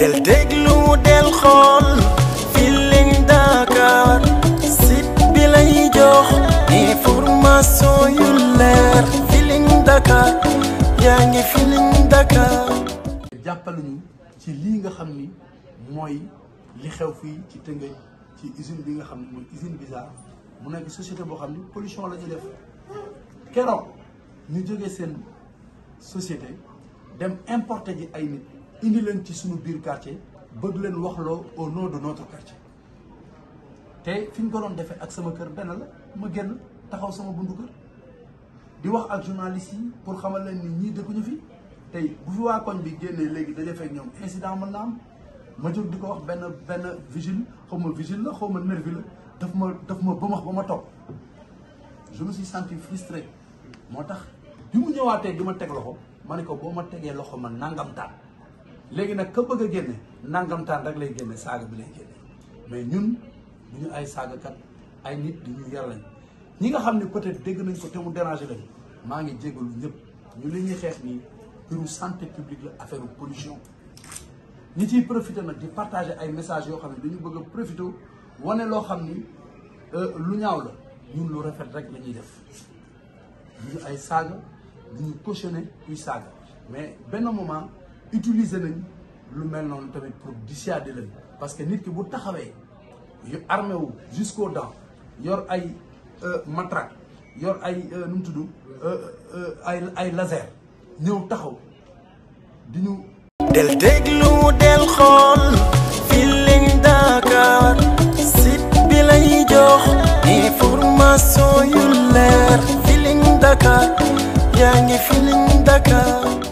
del déglu del xool Feeling Dakar site bi lay jox information yu leer Feeling Dakar yaa ngi Feeling Dakar jàppale ñu ci lii nga xam ni mooy li xew fii ci Tëngéej ci usine bi nga xam ne mooy usine Bizarre mu nekk société boo xam ni pollution la ñu def keroog ñu jógee seen société dem importer ji ay nit indi leen ci suñu biir quartier bëgg leen waxloo au nom de notre quartier te fi ñu ko doon defee ak sama kër benn la ma génn taxaw sama bundu kër di wax ak journaliste yi pour xamal leen ni ñii dëkkuñu fi tey bu fi waa koñ bi génnee léegi daje defee ñoom incident mën na am ma di ko wax benn benn vigile xaw ma vigile la xaw ma nervi la ma daf ma bëmax ba ma toog je me suis senti frustré moo tax bi mu ñëwaatee di ma teg loxo ma ne ko boo ma tegee loxo ma nangam taat léegi nag ka bëgg a génne nangamtaan rek lay génne saaga bi lay génne mais ñun du ñu ay saagakat ay nit du ñu yar lañ ñi nga xam ne peut-être dégg nañ ko te mu déranger lañ maa ngi jégalu ñëpp ñu li ñuy xeex nii mbiru santé publique la affaire pollution ñi ciy profité nag di partager ay messages yoo xam ne dañu bëgg a profité wane loo xam ni euh, lu ñaaw la ñun lu rafet rek la ñuy def du ñu ay saaga du ñu cautionné kuy saaga mais benn moment. utilise nañ lu mel noonu tamit pour dissuader leen parce que nit ki bu taxawee yu armé wu jusqu'aux yor ay euh, matraque yor ay euh, nu mu tudd euh, ay laser ñëw taxaw di ñu. del déglu del xool Feeling Dakar site bi lay jox information yu leer Feeling Dakar yaa ngi Feeling Dakar.